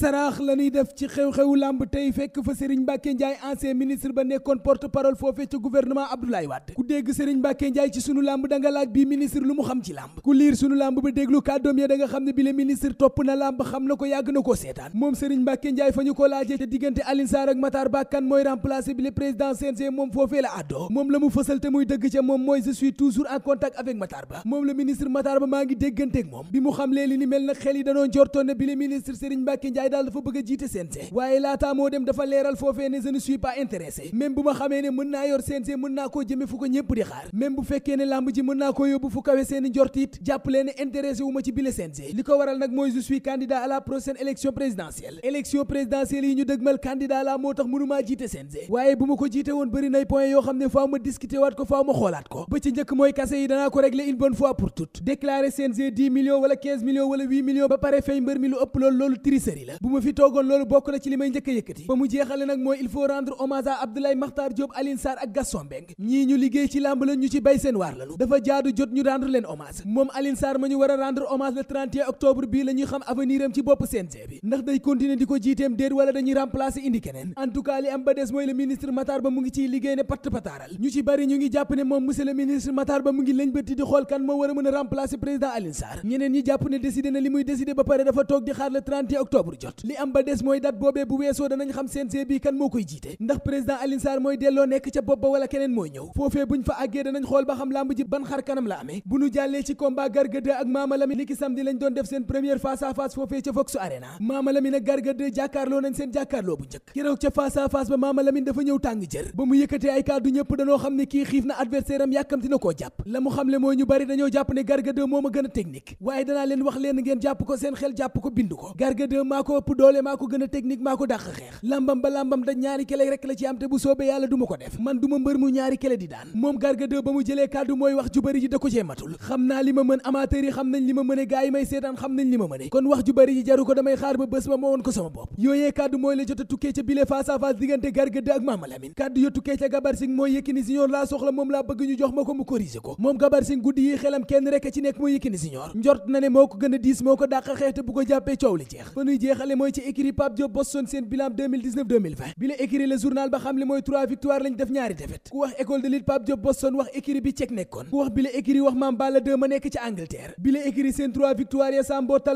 saraax la ñuy def ci xew-xewu làmb tey fekk fa sëriñ Mbacke Ndiaye ancien ministre ba nekkoon porte parole foofee ca gouvernement Abdoulaye Wade ku dégg Serigne Mbacke Ndiaye ci sunu làmb da nga laaj bi ministre lu mu xam ci làmb ku liir sunu làmb ba déglu kàddoom ya da nga xam ne bi le ministre topp na làmb xam na ko yàgg na koo seetaan moom Serigne Mbacke Ndiaye fa ñu ko laajee te diggante Alioune Sarr ak Matar Ba kan mooy remplacer bi le président CNG moom foofee la dëgg ca moom mooy je suis toujours en contact avec Matar Ba moom le ministre Matar Ba maa ngi dégganteeg moom daal dafa bëgg a jiite CNG waaye laataa moo dem dafa leeral foofee ne je ne suis pas intéressé même bu ma xamee ne mën naa yor CNG mën naa koo jëme fu ko ñëpp di xaar même bu fekkee ne lamb ji naa koo yóbbu fu kawe seeni wu ci bile CNG li ko waral nag mooy je suis candidat à la prochaine élection présidentielle élection présidentielle yi moo tax mënumaa jiite CNG waaye bu ma ko jiite woon bëri nay point yoo ne faaw ma discuter waat ko faaw ma ko ba ci njëkk mooy kase yi danaa ko régler une bonne fois pour toutes déclarer CNG 10 millions wala 15 ba pare fay mbër mi lu ëpp loolu loolu tricherie la bu ma fi toogoon loolu bokk na ci li may njëkk a yëkkati ba mu jeexale nag mooy il faut rendre hommage à Abdoulaye Makhtar Diop ak Gaston Mbengue ñii ñu liggéey ci làmb la ñu ci bay seen waar lañu dafa jaadu jot ñu rendre leen hommage moom Alioune Sarr ma ñu war a rendre hommage le 31 bi bii la ñuy xam avenir ci bopp CNG bi ndax day continuer di ko jiiteem déet wala dañuy remplacer indi keneen en tout cas li am ba des mooy le ministre Matar Ba mu ngi ciy liggéey ne ñu ngi jàpp ne moom monsieur le ngi lañ bëtti a mën a remplacer président Alioune li muy décidé ba pare dafa toog di octobre jot jot li am ba des mooy date boobee bu weesoo danañ xam CNG bi kan moo koy jiite ndax président Alioune Sarr mooy delloo nekk ca bopp ba wala keneen mooy ñëw foofee buñ fa àggee danañ xool ba xam lamb ji ban xar kanam la doon def seen première face foofee ca Vox Arena Mama Lamine ak Garga jàkkaarloo nañ seen jàkkaarloo bu njëkk keroog ca face à face ba Mama dafa ñëw tàng jër ba mu yëkkatee ay kàddu ñëpp danoo xam ne kii xiif na adversaire a technique waaye danaa leen wax leen ngeen jàpp ko seen ëpp doole maa ko gën a technique maa ko dàq xeex lambam ba lambam da ñaari kele rek la ci am te bu soobee yàlla du ma ko def man du ma mbër mu ñaari kele di daan moom Garga ba mu jëlee kàddu mooy wax ju ji da ko cee matul xam naa li ma mën amateur yi xam nañ li ma mëne gaay may seetaan xam nañ li ma mëne kon wax ju ji jaru ko damay xaar ba bés ba moo woon ko sama bopp yooyee kàddu mooy la jot a tukkee ca bile face diggante Garga ak Mama kenn rek ci nekk mooy Yékini Junior njort na ne moo ko jaaxale mooy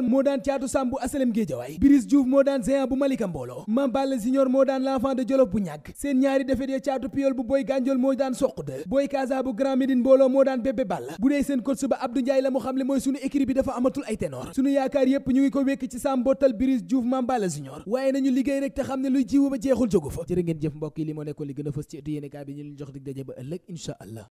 moo daan caatu bu Malika Mbooloo Mame Balla Junior moo daan l'enfant de Jolof bu ñàkk seen ñaari défaite ya caatu Piyol bu Boy Gandiol moo daan soq de Boy Kaza bu Grand Médine Mbooloo moo daan Bébé Balla bu dee seen coach ba Abdou la mu xam le mooy sunu écurie bi dafa amatul ay ténor sunu yaakaar yépp ñu ngi ko wékk ci Sambo Tal Biris Diouf Mame Balla Junior waaye nañu liggéey rek te xam ne luy jiwu ba jeexul jógu fa jërë ngeen jëf mbokk yi li moo nekkoon li gën a fës ci ëttu yéenekaay bi ñu leen jox dig daje ba ëllëg incha allah